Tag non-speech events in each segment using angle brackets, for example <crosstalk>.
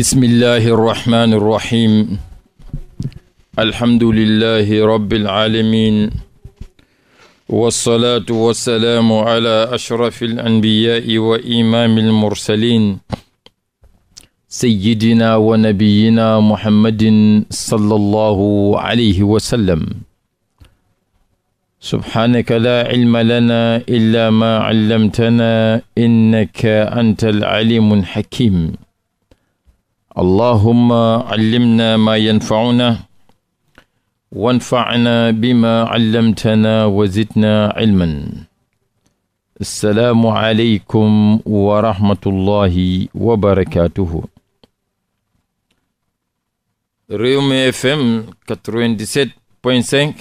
bismillahi arrahmani irrahim alhamdulillahi rabbil alamin wassalatu wassalaamu ala ashrafi alanbiyaai wa imaami almursalin sayyidina wa nabiyina muhammadin sallallahu alayhi wa sallam subhaanaka laa cilma lana illa ma callamtana innaka anta alcalimu alxakim allahuma callimna maa yanfacuna wanfacna bimaa callamtana wa zidna cilman asalaamu aleykum wa rahmatullahi wa barakatuhu Rewmi FM 97.5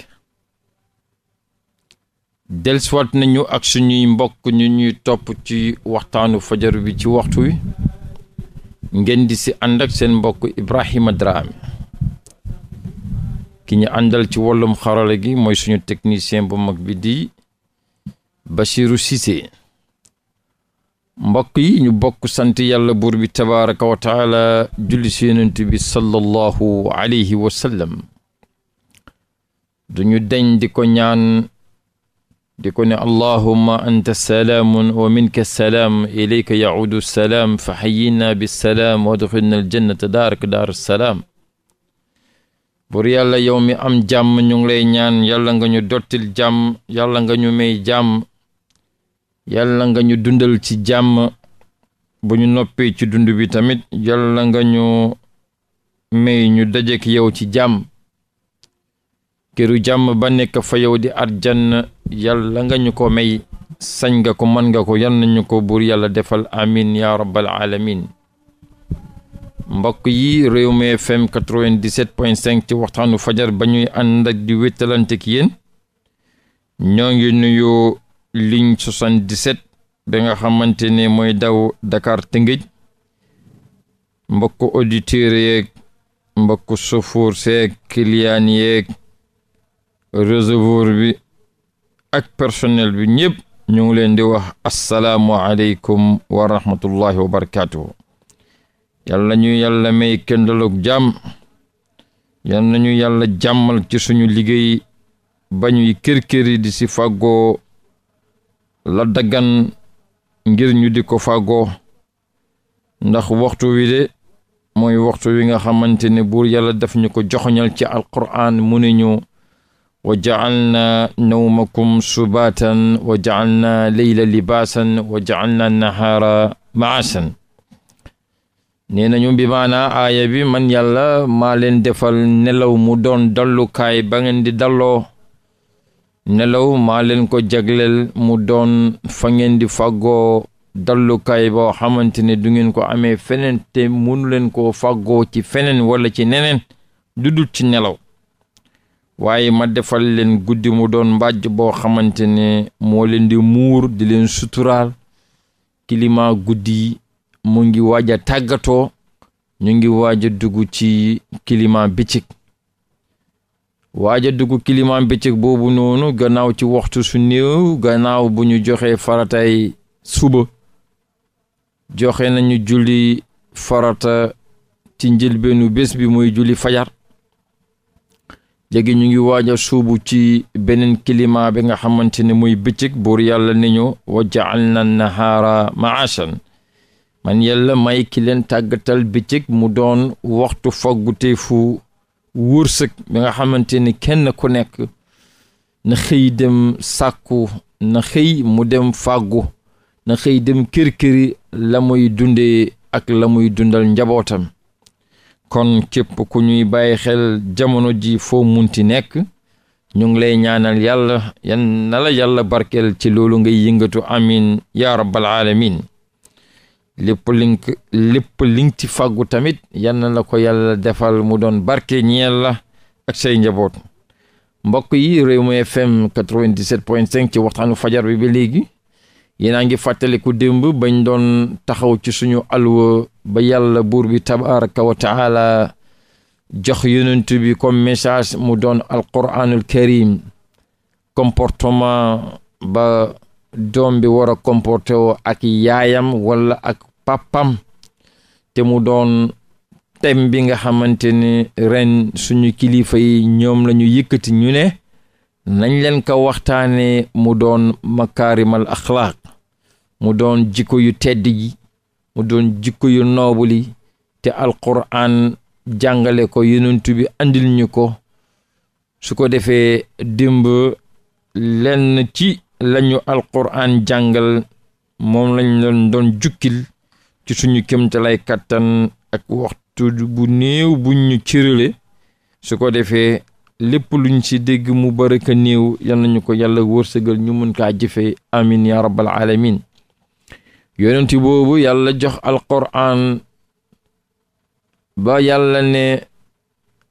delswat nañu ak suñuy mbokk ñu ñuy topp ci waxtaanu fajar bi ci waxtu wi ngeen di si ànd seen mbokk Ibrahima Dramé ki ñu àndal ci wàllum xarala gi mooy suñu technicien bu mag bi di Bachirou Cissé mbokk yi ñu bokk sant yàlla buur bi tabaraka wa julli si yonent bi sallallahu alayhi wa sallam duñu deñ di ko ñaan di ko ne allahumma anta salaamun wa minka salaam ilayka yaudu salaam fa xayina bisalaam wadxilna aljannata daarak daar salaam bur yàlla yow mi am jàmm ñu ngi lay ñaan yàlla nga ñu dottil jàmm yàlla nga ñu may jàmm yàlla nga ñu dundal ci jàmm bu ñu noppee ci dund bi tamit yàlla nga ñu may ñu dajeek yow ci jàmm këru jàmm ba nekk fa yow di arjann yàlla nga ñu ko may sañ nga ko mën nga ko yal nañu ko buur yàlla defal amin ya rabbal alamin mbokk yi Rewmi FM 97.5 ci waxtaanu fajar ba ñuy ànd ak di wéttalante ki yéen ñoo ngi nuyu ligne 77 ba nga xamante ne mooy daw Dakar Tëngéej mbokk auditeurs yeeg mbokk chauffeur seeg client yeeg réservoir bi ak personnel bi ñëpp ñu ngi leen di wax assalaamu aleykum wa rahmatullahi wa barakaatuhu yàlla ñu yàlla may kendaloog jàmm yal nañu yàlla jàmmal ci suñu liggéey bañuy ñuy kër-këri di si fàggoo la daggan ngir ñu di ko fàggoo ndax waxtu wi de mooy waxtu wi nga xamante ne buur yàlla daf ñu ko joxoñal ci alquran mu ñu wa jacalna nawmakum subaatan wa jacalna leyla libaasan wa jacalna nahaara maasan ni nañu bi maanaa aaya bi man yàlla maa leen defal nelaw mu doon dallukaay ba ngeen di dalloo nelaw maa leen ko jagleel mu doon fa ngeen di fàggoo dallukaay boo xamante ne du ngeen ko amee feneen te mënu leen koo fàggoo ci feneen wala ci neneen du ci nelaw waaye ma defal leen guddi mu doon mbàjj boo xamante ne moo leen di muur di leen suturaal kilima guddi mu ngi waaj a tàggatoo ñu ngi waaj a dugg ci kilima bëccëg waaj dugg kilima bëccëg boobu noonu gannaaw ci waxtu su néew gannaaw bu ñu joxe faratay suba joxe nañu julli farata ci njëlbeenu bés bi muy julli fajar léegi ñu ngi waaj a suubu ci beneen climat bi nga xamante ne muy bëccëg buur yàlla ni ñu wa ja'alna nahaara ma'ashan man yàlla may ki leen tàggatal bëccëg mu doon waxtu fagguteefu wërsëg bi nga xamante ni kenn ku nekk na xëy dem sàkku na xëy mu dem fàggu na xëy dem kër këri la muy dundee ak la muy dundal njabootam kon képp ku ñuy bàyyi xel jamono ji foo munti nekk ñu ngi lay ñaanal yàlla yan na la ci loolu ngay yëngatu amin ya rabbal alamin lépp link lépp ci fàggu tamit yan na la ko yàlla defal mu doon barke ñeel la ak say njaboot mbokk yi Rewmi FM 97.5 ci waxtaanu fajar bi ba léegi yéen a ngi fàttaliku démb bañ doon taxaw ci suñu alwa ba yàlla buur bi tabaraka wa taala jox yonent bi comme message mu doon alquranul karim comportement ba doom bi war a comporté woo ak yaayam wala ak pàppam te mu doon thème bi nga xamante ne ren suñu kilifa yi ñoom lañu ñu yëkkati ñu ne nañ leen ko waxtaane mu doon makaarimal axlaaq mu doon jikko yu tedd yi mu doon jikko yu noobul yi te alquran jàngale ko yonent bi andil ñu ko su ko defee dimb lenn ci lañu alquran jàngal moom lañ leen doon jukkil ci suñu kémtalay kàttan ak waxtu bu néew bu ñu cërale su ko defee lépp luñ ci dégg mu bëri ka néew yal nañu ko yàlla wërsëgal ñu mën kaa jëfee amin ya rabbal alamin yonent boobu yàlla jox alquran ba yàlla ne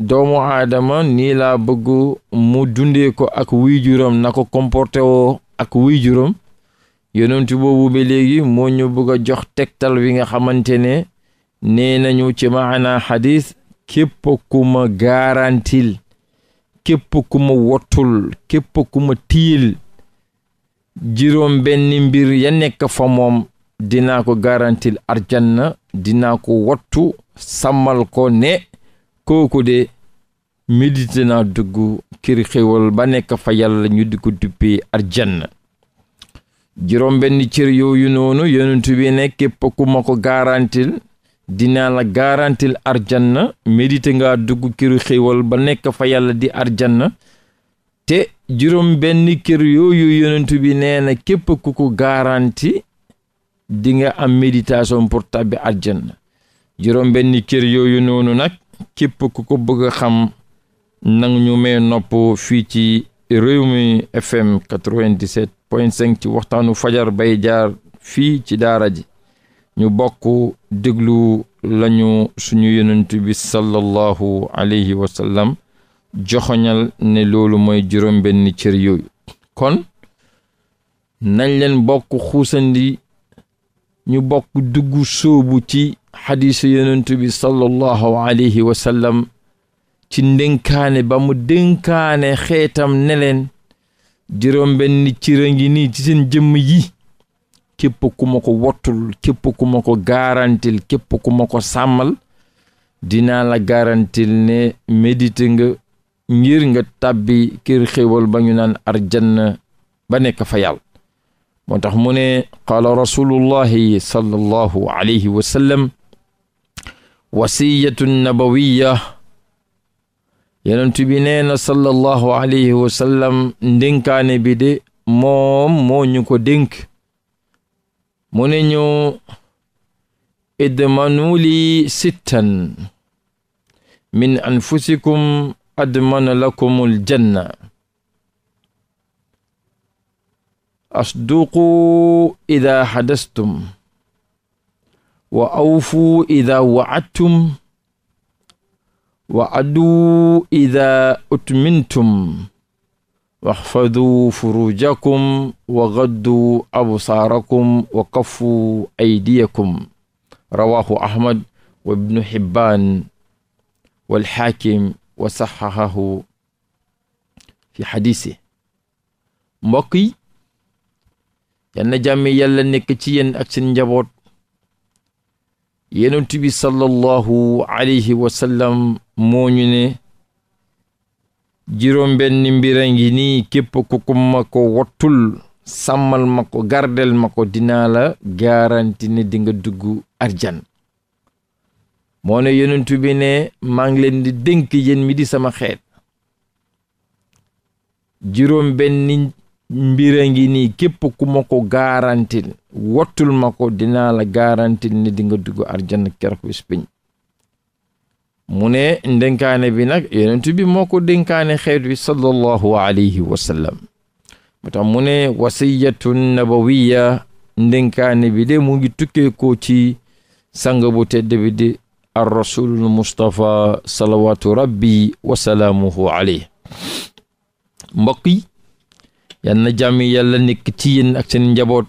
doomu aadama nii laa bëgg mu dundee ko ak wuy juróom na ko comporté woo ak wuy juróom yonent boobu ba léegi moo ñu bëgg a jox tegtal wi nga xamante ne nee nañu ci maana xadis képp ku ma képp ku ma wottul képp ku ma tiil juróom benn mbir ya nekk fa moom dinaa ko garantil arjanna dinaa ko wattu sàmmal ko ne kooku de médité naa dugg ba nekk fa yàlla ñu di ko duppee arjanna juróom benn cër yooyu noonu yonent bi ne képp ku ma garantil dinaa la garantil arjanna médité nga dugg këru xéewal ba nekk fa yàlla di arjanna te juróom benn kër yooyu yonent bi nee na képp ku ko garanti di nga am méditation pour tàbbi arjanna juróom benn kër yooyu noonu nag képp ku ko bëgg a xam nangu ñu may nopp fii ci Rewmi FM 97 point 5 ci waxtaanu fajar bay jaar fii ci daara ji ñu bokk déglu lañu suñu yonent bi sallallahu alayhi wa sallam joxoñal ne loolu mooy juróom benn cër yooyu kon nañ leen bokk xuusandi ñu bokk dugg sóobu ci xadiisu yonent bi sallallahu alayhi wa ci ndénkaane ba mu dénkaane xeetam ne leen juróom benn cër a ngi nii ci seen jëmm yi képp ku ko wottul képp ku ko garantil képp ku ma ko sàmmal dinaa la garantil ne médité nga ngir nga tàbbi kër xéwal ba ñu naan arjanna ba nekk fa yàlla moo tax mu ne qaala sallallahu alayhi wa wasiyatu nabawiya yenentu bi nee na sallallahu alayhi wa sallam bi de moom moo ko dénk mu ne ñu idmanuli sittan min anfusikum admana lakumul janna asduqu ida hadastum wa awfu ida wa'adtum wa adu ida utmintum waxfaduu furujakum wa gadduu absaarakum wa kaffuu aydiyakum rawaahu ahmad wa ibnu xibbaan walxaakim wa saxahahu fi xadiise mbokk yi yal na jàmm yàlla nekk ci yéen ak seen njaboot yonent bi sallallahu alayhi wa sallam moo ñu ne juróom benni mbir ngi nii képp ku ma ko wattul sàmmal ma ko gardel ma ko dinaa la garanti ni dinga nga dugg arjan moo ne yonent bi ne maa ngi leen di dénk yéen mi di sama xeet juróom benni mbir a ngi nii képp ku ma ko garanti wattul ma ko dinaa la garantil ne di dugg arjan keroog bis mu ne ndenkaane bi nag yonent bi moo ko dénkaane xeet wi sallallahu alayhi wa sallam mu tax mu ne wasiyatun nabawiya ndénkaane bi de mu ngi tukkee ko ci sang bu tedd bi di ar rasulul mustapha salawaatu rabbi wasalaamuhu alayh mbokk yi yal na jàmm yàlla nekk ci yéen ak seen njaboot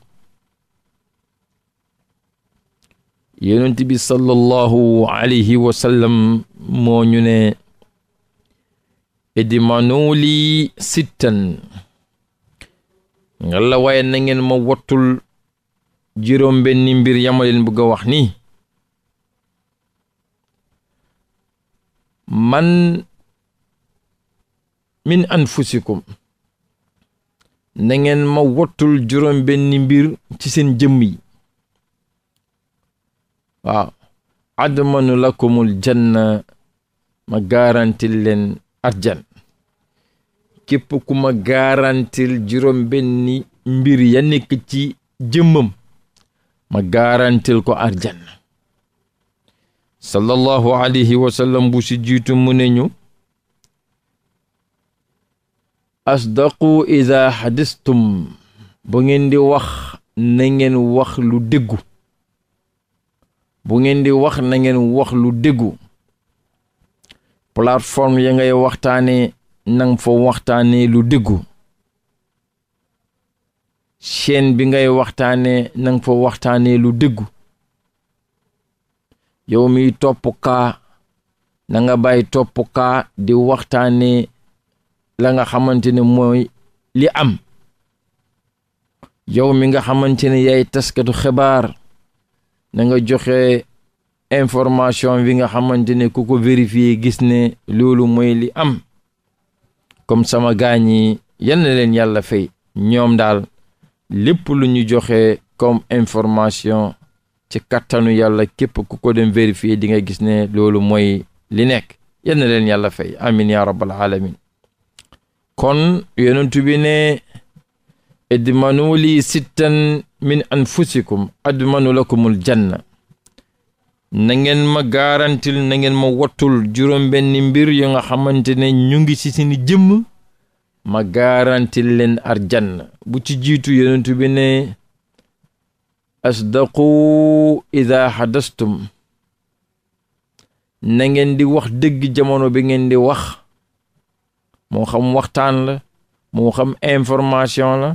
yonent bi sallallahu alayhi wa sallam moo ñu ne idmanu lii sittan nga la waaye na ma wattul juróom benni mbir yama leen bëgg a wax ni man min anfusikum na ngeen ma wattul juróom benni mbir ci seen jëmm waaw admanu lakumul janna ma garantil leen arjan képp ku ma garantil juróom benni mbir ya nekk ci jëmmam ma garantil ko arjan sallallahu alayhi wa sallam bu si jiitu mu ne ñu asdaqu ida hadistum bu ngeen di wax na ngeen wax lu dëggu bu ngeen di wax na ngeen wax lu déggu plateforme ya ngay waxtaane nang fa waxtaane lu déggu chaîne bi ngay waxtaane nang fa waxtaane lu déggu yow miy topp kaa na nga bàyyi topp kaa di waxtaane la nga xamante ne mooy li am yow mi nga xamante ne yaay taskatu xibaar na nga joxe information bi nga xamante ne ku ko vérifier gis ne loolu mooy li am comme sama gaañ yi yal leen yàlla fay ñoom daal lépp lu ñu joxe comme information ci kattanu yàlla képp ku ko dem vérifier di nga gis ne loolu mooy li nekk yal leen yàlla fay amin ya rabbal alamin kon yonentu ne idmanu sittan min anfusikum admanu lakumul janna na ngeen ma garantil na ngeen ma wattul juróom benni mbir yu nga xamante ne ñu ngi ci seeni jëmm ma garantil leen arjanna bu ci jiitu yonentu bi ne asdaqu ida hadastum na ngeen di wax dëgg jamono bi ngeen di wax moo xam waxtaan la moo xam information la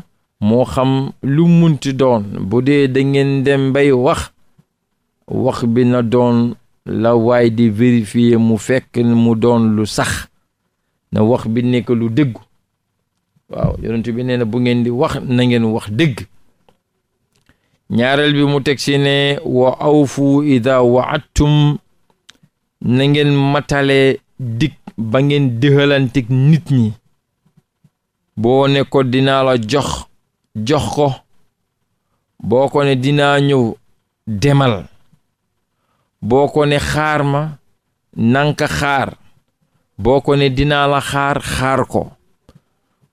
moo xam lu munti doon bu dee dangeen dem bay wax wax bi na doon la waay di vérifier mu fekk mu doon lu sax na wax bi nekk lu dëggu waaw yonent bi nee na bu ngeen di wax nangeen wax dëgg ñaareel bi mu teg si ne wa awfu ida waattum na ngeen matale dig ba ngeen dëxalantik nit ñi boo ne ko dinaa la jox jox ko boo ko ne dinaa ñëw demal boo ko ne xaar ma nanka xaar boo ko ne dinaa la xaar xaar ko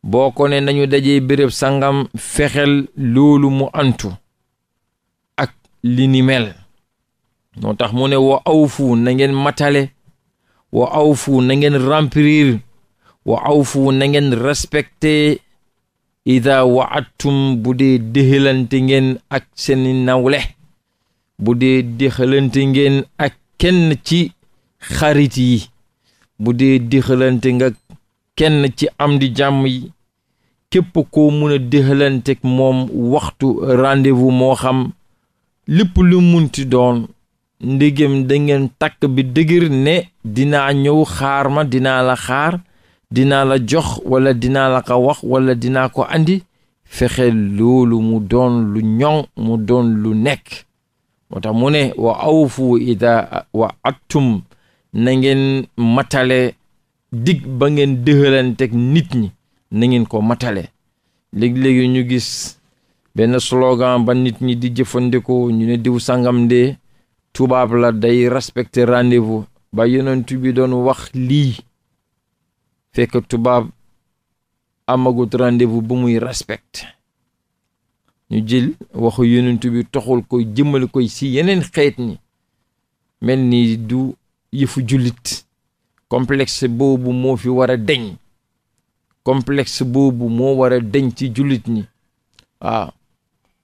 boo ko ne nañu daje béréb sangam fexel loolu mu antu ak linimel ni noo tax mu ne wa awfu na ngeen matale wa awfu na ngeen remplir wa awfu na ngeen respecter ida waattum bu dee déxalante ngeen ak seeni nawle bu dee déxalante ngeen ak kenn ci xarit yi bu dee déxalante nga kenn ci am di jàmm yi képp koo mun a moom waxtu rendez-vous moo xam lépp lu munti doon ndegem dangeen takk bi dëgër ne dinaa ñëw xaar ma dinaa la xaar dinaa la jox wala dinaa la ko wax wala dinaa ko indi fexe loolu mu doon lu ñoŋ mu doon lu nekk moo tax mu ne wa fu ida wa attum na ngeen matale dig ba ngeen dëxalanteeg nit ñi na ngeen ko matale léegi-léegi ñu gis benn slogan ba nit ñi di jëfandikoo ñu ne diw sangam de tubaab la day respecter rendez ba yonent bi doon wax lii fekk tubaab amagut rendez-vous bu muy respect ñu jël waxu yonent bi toxul koy jëmmal koy si yeneen xeet ñi mel ni du yëfu jullit complexe boobu moo fi war a deñ complexe boobu moo war a deñ ci jullit ñi waaw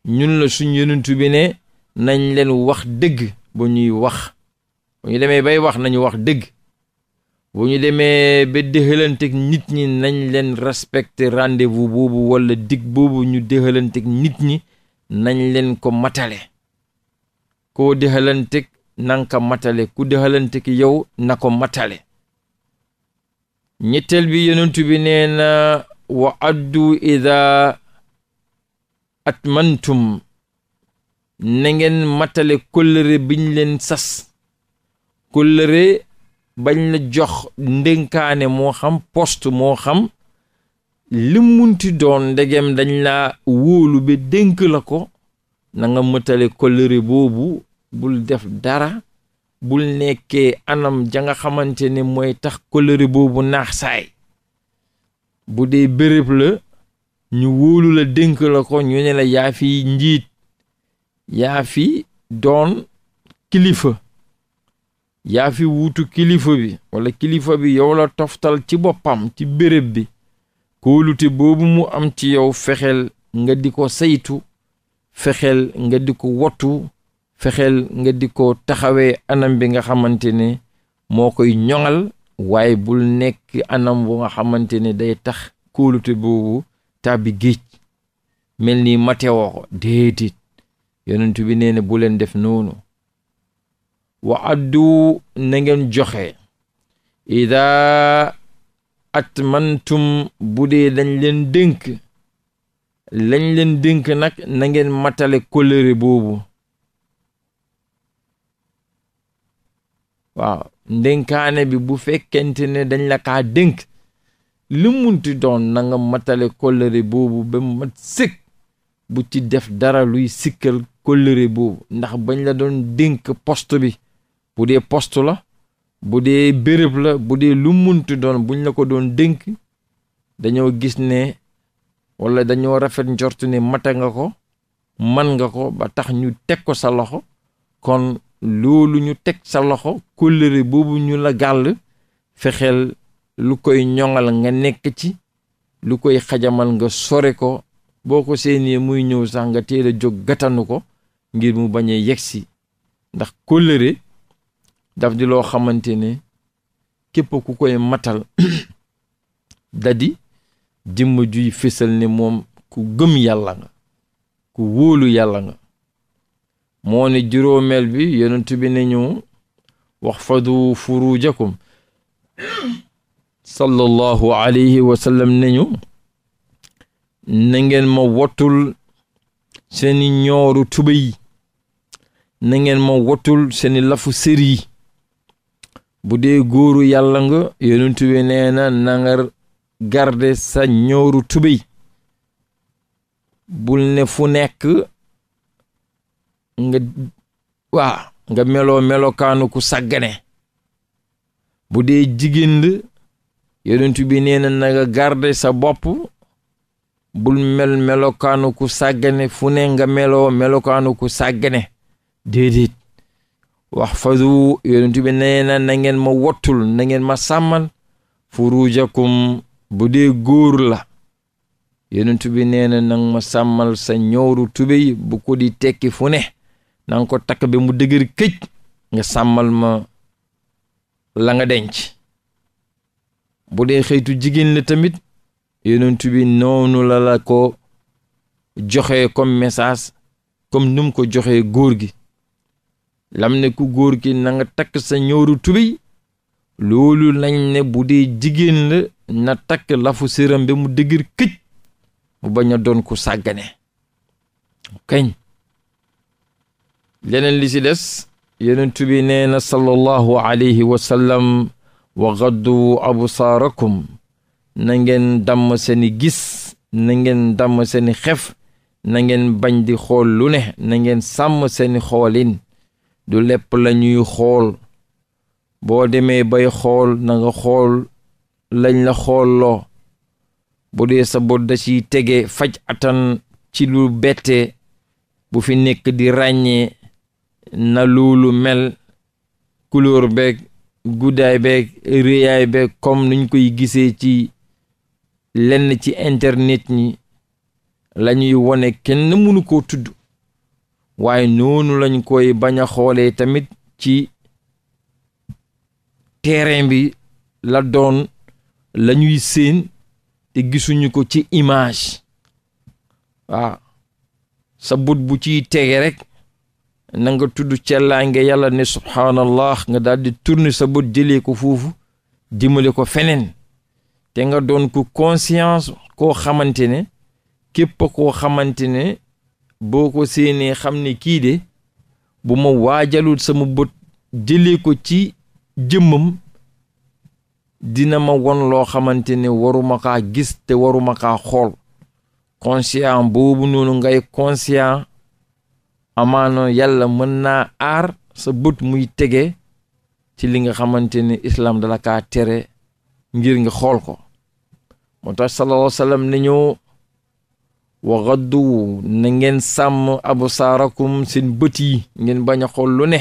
ñun la suñ yonent bi ne nañ leen wax dëgg bu ñuy wax bu ñu demee bay wax nañu wax dëgg bu ñu demee ba dëxalanteeg nit ñi nañ leen respecter rendez-vous walla wala dig boobu ñu dëxalanteeg nit ñi nañ leen ko matale ko dëxalanteeg na nga ko matale ku dëxalanteeg yow na ko matale ñetteel bi yonent bi neena na wa addu ida atmantum na ngeen matale kóllëre biñ leen sas kóllëre bañ la jox ndénkaane moo xam poste moo xam limunti doon ndegem dañ la wóolu bi dénk la ko nanga nga mëtale kolëre boobu bul def dara bul nekkee anam ja nga xamante ne mooy tax kolëre boobu naax saay bu dee béréb la ñu wóolu la dénk la ko ñu ne la yaa fi njiit yaa fi doon kilifa yaa fi wuutu kilifa bi wala kilifa bi yow la toftal ci boppam ci béréb bi kóolute boobu mu am ci yow fexeel nga di ko saytu fexeel nga di ko wottu fexeel nga di ko taxawee anam bi nga xamante ne moo koy ñoŋal waaye bul nekk anam bu nga xamante ne day tax kóolute boobu tàbbi géej mel ni matewoo ko déedéet yonent bi nee na bu leen def noonu wa addu na ngeen joxe ida atmantum bu dee dañ leen dénk lañ leen dénk nag nangeen matale kóllëre boobu waaw ndénkaane bi bu fekkente ne dañ la kaa dénk li munti doon na matale kóllëre boobu ba mat sëkk bu ci def dara luy sikkal kóllëre boobu ndax bañ la doon dénk poste bi bu dee postu la bu dee bërëb la bu dee lu muntu doon buñ la ko doon dénk dañoo gis ne wala dañoo rafet njort ne mate nga ko man nga ko ba tax ñu teg ko sa loxo kon loolu ñu teg sa loxo kóllëre boobu ñu la gàll fexeel lu koy ñoŋal nga nekk ci lu koy xajamal nga sore ko boo ko seenee muy ñëw sax nga teel jóg gatanu ko ngir mu bañ a yegsi ndax kóllëre daf di loo xamante ne képp ku koy matal <clears throat> dadi jëmm juy fésal ne moom ku gëm yàlla nga ku wóolu yàlla nga moo ne juróomeel bi yonent bi ne ñu wax fadu furujakum sallallahu alayhi wa sallam ne ma wottul seeni ñooru tubéy na ngeen ma wottul seeni lafu sër bu dee góoru yàlla nga yonent bi nanga garde sa ñooru tubéy bul ne fu nekk nga waa nga meloo melokaanu ku sàggane bu dee jigéen la yonent bi nee na nga garde sa bopp bul mel melokaanu ku sàggane fu ne nga meloo melokaanu ku sàggane déedéet wax yonent bi nee na na ngeen ma wottul na ngeen ma sàmmal furujakum bu dee góor la yonent bi nee na nang ma sàmmal sa ñooru tubéy bu ko di tekki fu ne na ko takk bi mu dëgër këj nga sàmmal ma la nga denc bu dee xëytu jigéen la tamit yonent bi noonu la la ko joxe comme message comme num ko joxe góor gi lam ne ku góor ki nanga takk sa ñooru tubéy loolu lañ ne bu dee jigéen la na takk lafu séram bi mu dëgër këj mu bañ a doon ku sàggane kañ leneen li ci des yonent bi nee na sallallahu alayhi wa sallam wa gaddu absaarakum na ngeen damm seeni gis na ngeen damm seeni xef na ngeen bañ di xool lu ne na ngeen sàmm seeni xoolin du lépp lañuy xool boo demee bay xool na xool lañ la xoolloo bu dee sa bot si tege faj atan ci lu bette bu fi nekk di ràññee na loolu mel couleur beeg guddaay beeg réyaay beeg comme nuñ koy gisee ci lenn ci internet ñi lañuy wone kenn mënu koo tudd waaye noonu lañ koy bañ a xoolee tamit ci terrain bi la doon lañuy seen séen te gisuñu ko ci image waaw sa but bu ciy tege rekk na nga tudd cellaange yàlla ne subhaanallah nga daal di sa bët jëlee ko foofu jëmale ko feneen te nga doon ko conscience koo xamante ne képp koo xamante ne boo ko séenee xam ne kii de bu ma waajalul sama bët jëlee ko ci jëmmam dina ma won loo xamante ne waruma kaa gis te waruma kaa xool conscient boobu noonu ngay conscient amaano yàlla mën naa aar sa bët muy tege ci li nga xamante ne islaam dala kaa tere ngir nga xool ko moo tax sallallahu ne ñoo wa gaddu na ngeen sàmm absaarakum seen bët yi ngeen baña xool lu ne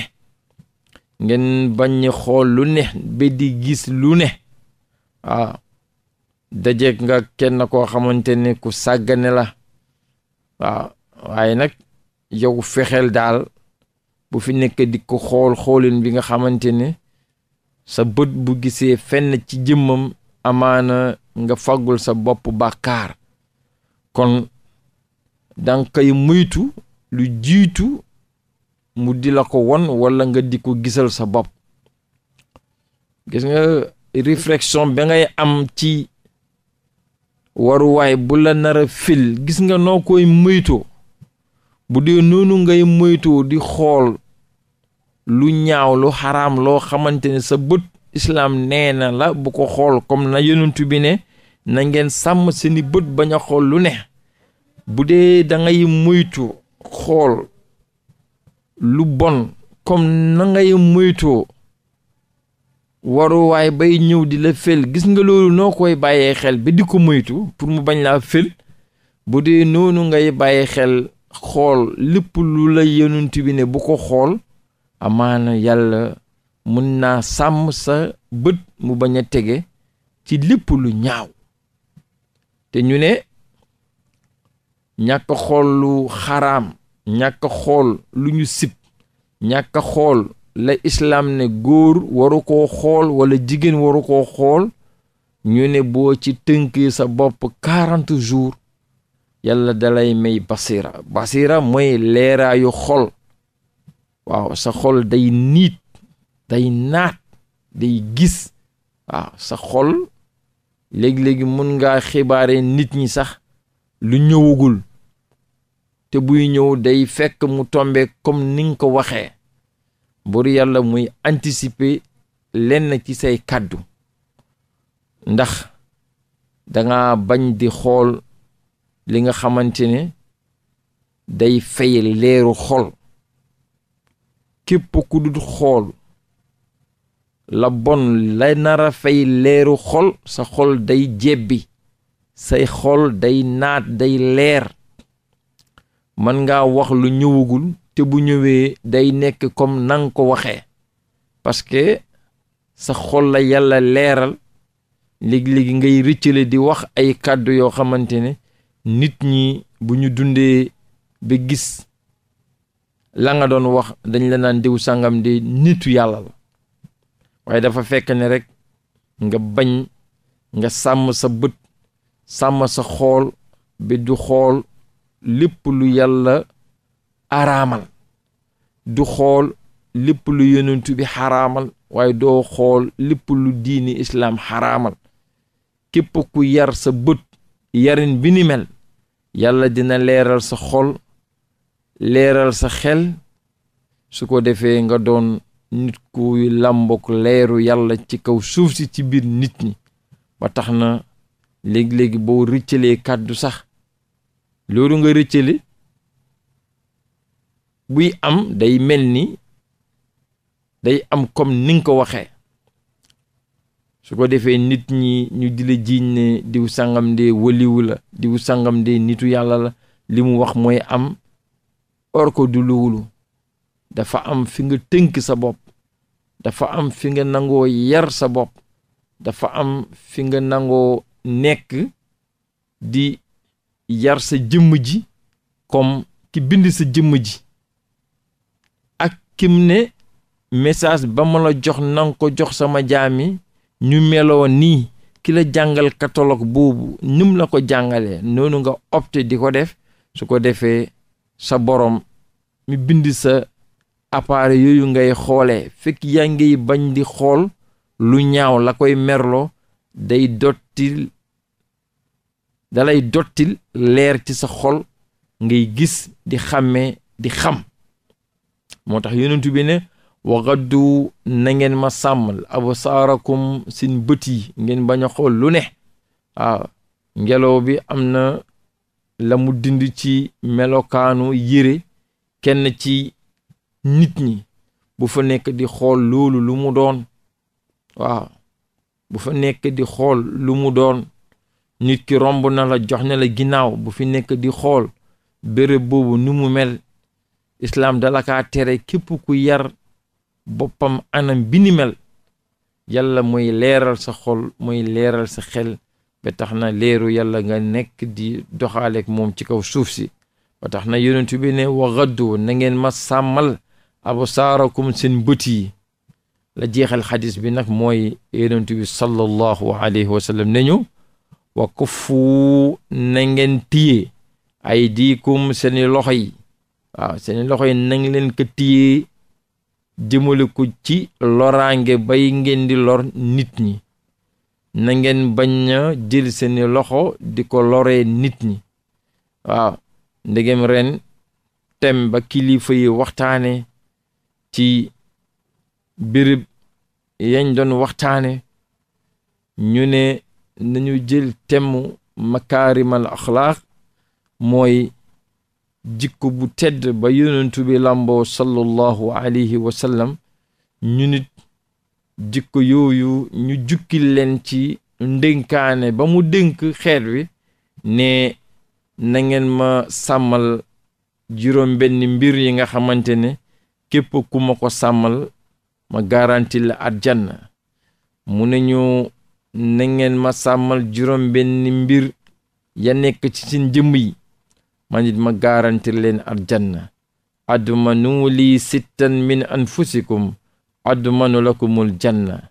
ngeen bañ a xool lu ne ba di gis lu ne waaw dajeeg nga kenn koo xamante ne ku sàggane la waaw waaye nag yow fexeel daal bu fi nekk di ko xool xoolin bi nga xamante ne sa bët bu gisee fenn ci jëmmam amaana nga faggul sa bopp bàkkaar kon da moytu lu jiitu mu di la ko won walla nga di ko gisal sa bopp gis nga réflexion ba ngay am ci waruwaay bu la nar fil gis nga noo koy moytoo bu dee noonu ngay muytoo di xool lu ñaaw lu xaraam loo xamante ne sa bët islaam nee na la bu ko xool comme na yonent bi ne na ngeen sàmm seeni bët bañ a xool lu ne bu dee da ngay moytu xool lu bon comme na ngay moytoo waruwaay bay ñëw di la fel gis nga loolu noo koy bàyyee xel bi di ko moytu pour mu bañ laa fel bu dee noonu ngay bàyyi xel xool lépp lu la yonent bi ne bu ko xool na yàlla mun naa sàmm sa bët mu bañ a tege ci lépp lu ñaaw te ñu ne ñàkk xool lu xaraam ñàkk xool lu ñu sib ñàkk xool la islaam ne góor waru ko xool wala jigéen waru koo xool ñu ne boo ci tënkee sa bopp quarante jours yàlla dalay may basira basira mooy leeraayu xol waaw sa xol day niit day naat day gis waaw sa xol léegi-léegi mun ngaa xibaare nit ñi sax lu ñëwagul te buy ñëw day fekk mu tombe comme ni nga ko waxee buru yàlla muy anticiper lenn ci say kàddu ndax danga bañ di xool li nga xamante ne day fay leeru xol képp ku xool la bon la nara fay leeru xol sa xol day jebbi say xol day naat day leer man ngaa wax lu ñëwagul te bu ñëwee day nekk comme nanga ko waxee parce que sa xol la yàlla leeral léegi-léegi ngay rëccale di wax ay kàddu yoo xamante ne nit ñi bu ñu dundee ba gis la nga doon wax dañ la naan diw sàngam di nitu yàlla la waaye dafa fekk ne rek nga bañ nga sàmm sa bët sàmm sa xool bi du xool lépp lu yàlla araamal du xool lépp lu yonentu bi xaraamal waaye doo xool lépp lu diini islaam xaraamal képp ku yar sa bët yarin bi ni mel yàlla dina leeral sa xol leeral sa xel su ko defee nga doon nit kuy làmbook leeru yàlla ci kaw suuf si ci biir nit ñi ba tax na léegi-léegi boo rëccalee kàddu sax loolu nga rëccale buy am day mel ni day am comme ni ko waxee su ko defee nit ñi ñu di la jiiñ ne diw sàngam de la diw sàngam de nitu yàlla la li mu wax mooy am orko du luwulu dafa am fi nga tënk sa bopp dafa am fi nga nangoo yar sa bopp dafa am fi nga nangoo nekk di yar sa jëmm ji comme ki bind sa jëmm ji ak kim ne message ba ma la jox nang ko jox sama jaami ñu meloo nii ki la jàngal catalogue boobu num la ko jàngalee noonu nga opté di ko def su ko defee sa borom mi bind sa appareil yooyu ngay xoole fekk yaa ngi bañ di xool lu ñaaw la koy merlo day dottil dalay dottil leer ci sa xol ngay gis di xàmmee di xam moo tax yonentu bi ne waxaddu na ngeen ma sàmmal absaarakum seen bët yi ngeen baña xool lu ne waaw ngelaw bi am na la mu dind ci melokaanu yére kenn ci nit ñi bu fa nekk di xool loolu lu mu doon waaw bu fa nekk di xool lu mu doon nit ki romb na la jox na la ginnaaw bu fi nekk di xool béréb boobu nu mu mel islaam dalakaa tere képp ku yar boppam anam bi ni mel yàlla mooy leeral sa xol mooy leeral sa xel ba tax na leeru yàlla nga nekk di doxaaleek moom ci kaw suuf si ba tax na yonent bi ne wa gaddu na ngeen ma sàmmal absaarakum seen bët yi la jeexal xadis bi nag mooy yonent bi sallallahu alayhi wa sallam ñu wakkufu na ngeen téye ay diikum seeni loxo yi waaw seeni loxo yi na leen ko téye jëmale ko ci loraange bay ngeen di lor nit ñi na ngeen bañ na jël seeni loxo di ko loree nit ñi waaw ndegem ren tem ba kilifa yi waxtaane ci béréb yañ doon waxtaane ñu ne nañu jël temm makaarimal axlaaq mooy jikko bu tedd ba yonentu bi làmboo sallallahu alayhi wa ñu nit jikko yooyu ñu jukkil leen ci ndénkaane ba mu dénk xeet wi ne na ngeen ma sàmmal juróom mbir yi nga xamante ne képp ku ma ko sàmmal ma garanti la àjjana mu ne ñu na ma sàmmal juróom benn mbir ya nekk ci seen jëmm yi man it ma garanti leen aljanna admanu lii sittan min anfusikum admanu lakumul janna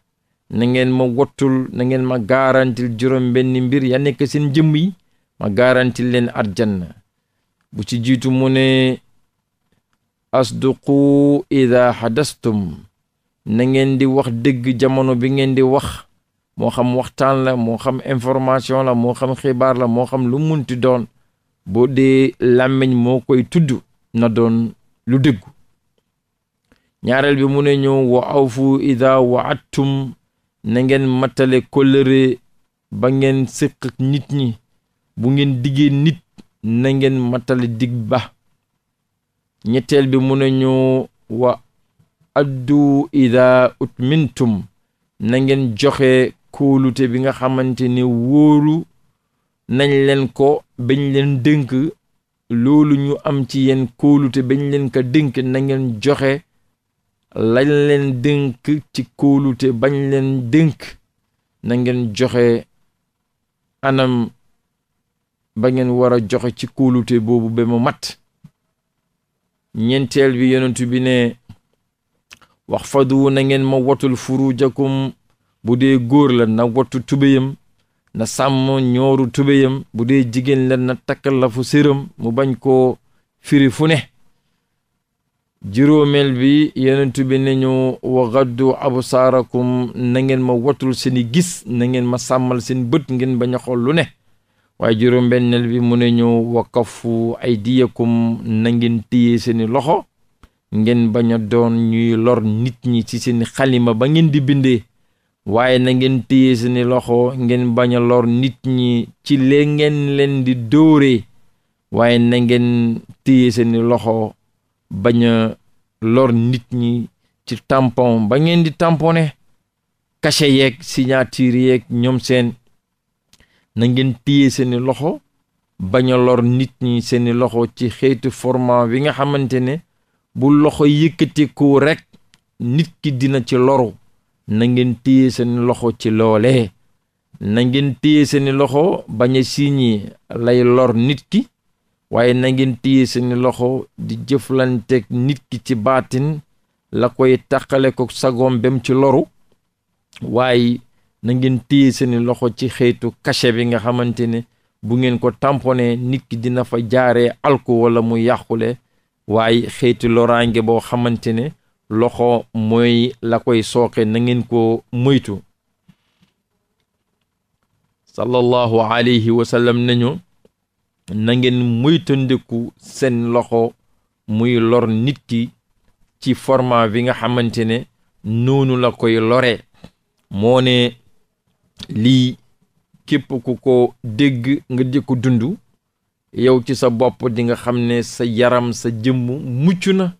na ngeen ma wottul na ma garantil juróom benn mbir ya nekk seen jëmm yi ma garantil leen janna bu ci jiitu mu ne asduqu ida hadastum na ngeen di wax dëgg jamono bi ngeen di wax moo xam waxtaan la moo xam information la moo xam xibaar la moo xam lu munti doon boo dee làmmiñ moo koy tudd na doon lu dëggu ñaareel bi mu ne ñëw wa awfu ida waattum na ngeen matale kóllëre ba ngeen sëq nit ñi bu ngeen diggee nit na ngeen matale digg ba ñetteel bi mu ne ñëw wa addu isa utmintum na ngeen joxe kóolute bi nga xamante ni wóoru nañ leen ko bañ leen dënk loolu ñu am ci yéen kóolute bañ leen ko dënk na ngeen joxe lañ leen dënk ci kóolute bañ leen dënk na ngeen joxe anam ba ngeen war a joxe ci kóolute boobu ba mu mat ñeenteel bi yonentu bi ne wax fadu na ma watul furujakum bu dee góor la na wattu tubéyam na sàmm ñooru tubéyam bu dee jigéen la na takkal la fu séram mu bañ koo firi fu ne juróomeel bi yenentu bi nañu wa gaddu absaarakum na ngeen ma watul seeni gis na ngeen ma sàmmal seen bët ngeen bañ a xool lu ne waaye juróom-benneel bi mu ne ñu wa kafu ay diyakum na ngeen téye seeni loxo ngeen bañ a doon ñuy lor nit ñi ci seeni xalima ba ngeen di bindee waaye na ngeen téye seeni loxo ngeen bañ a lor nit ñi ci li ngeen leen di dóore waaye na ngeen téye seeni loxo bañ a lor nit ñi ci tampon ba ngeen di tamponné cachet yeeg signature yeeg ñoom seen na ngeen téye seeni loxo bañ a lor nit ñi seeni loxo ci xeetu format bi nga xamante ne bu loxo yëkkati rekk nit ki dina ci loru na ngeen téye seen loxo ci loole na ngeen téye seeni loxo bañ a siñi lay lor nit ki waaye na ngeen téye loxo di jëflanteeg nit ki ci baatin la koy taqale ko sagoom bem ci loru waaye na ngeen téye seeni loxo ci xeetu cachet bi nga xamante ne bu ngeen ko tamponné nit ki dina fa jaaree alku walla mu yàqule waaye xeetu loraange boo xamante ne loxo mooy la koy sooke na ngeen ko moytu sallallahu alayhi wa nañu na ngeen moytandiku seen loxo muy lor nit ki ci format bi nga xamante ne noonu la koy lore moo ne lii képp ku ko dégg nga di ko dund yow ci sa bopp dinga xam ne sa yaram sa jëmm mucc na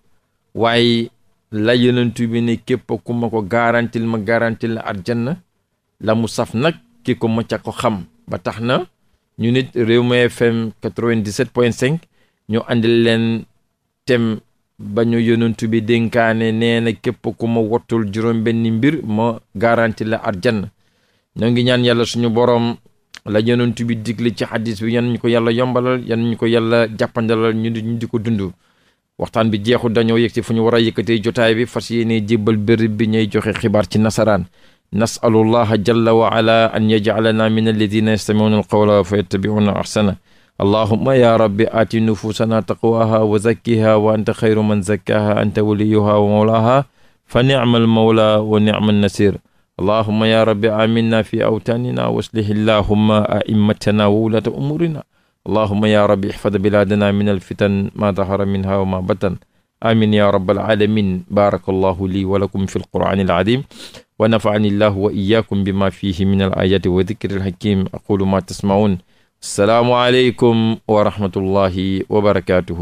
waaye la yonent bi ne képp ku ma ko garantil ma garantil la aljanna la mu saf nag ki ko mëcca ko xam ba tax na ñu nit Rewmi FM 97.5 ñu andil leen thème ba ñu yonent bi dénkaane nee na képp ku ma wottul juróom benn mbir ma garanti la aljanna ñoo ngi ñaan yàlla suñu boroom la yonent bi digle ci xadis bi yan ñu ko yàlla yombalal yan ñu ko yàlla jàppandalal ñu di ko dund waxtaan bi jeexul dañoo yëg ci fu ñu war a yëkkatee jotaay bi fas yéene jébbal béréb bi ñuy joxe xibaar ci nasaraan nasalullaha jalla wa ala an yajcalana min alladina yastamicuuna alqawla fa yattabicuuna axsana allahuma ya rabbi aati nufuusana taqwaha wa zakkiha wa anta xayru man zakkaha anta waliyuha wa mawlaha fa nicma almawla wa nicma annasir allahuma ya rabbi aminna fi awtaanina waslih allahuma aimmatana wa wulaata umurina allahuma ya rabbi ihfad bilaadana min alfitan maa dahara minha wa ma batan amin ya rabbal alamin baraka allahu lii wa lakum fi alqur'ani aladim wa nafaani llahu wa iyaakum bima fihi min alayati wa dikri alhakim aqulu ma tasmaun assalaamu aleykum wa rahmatullahi wa barakatuhu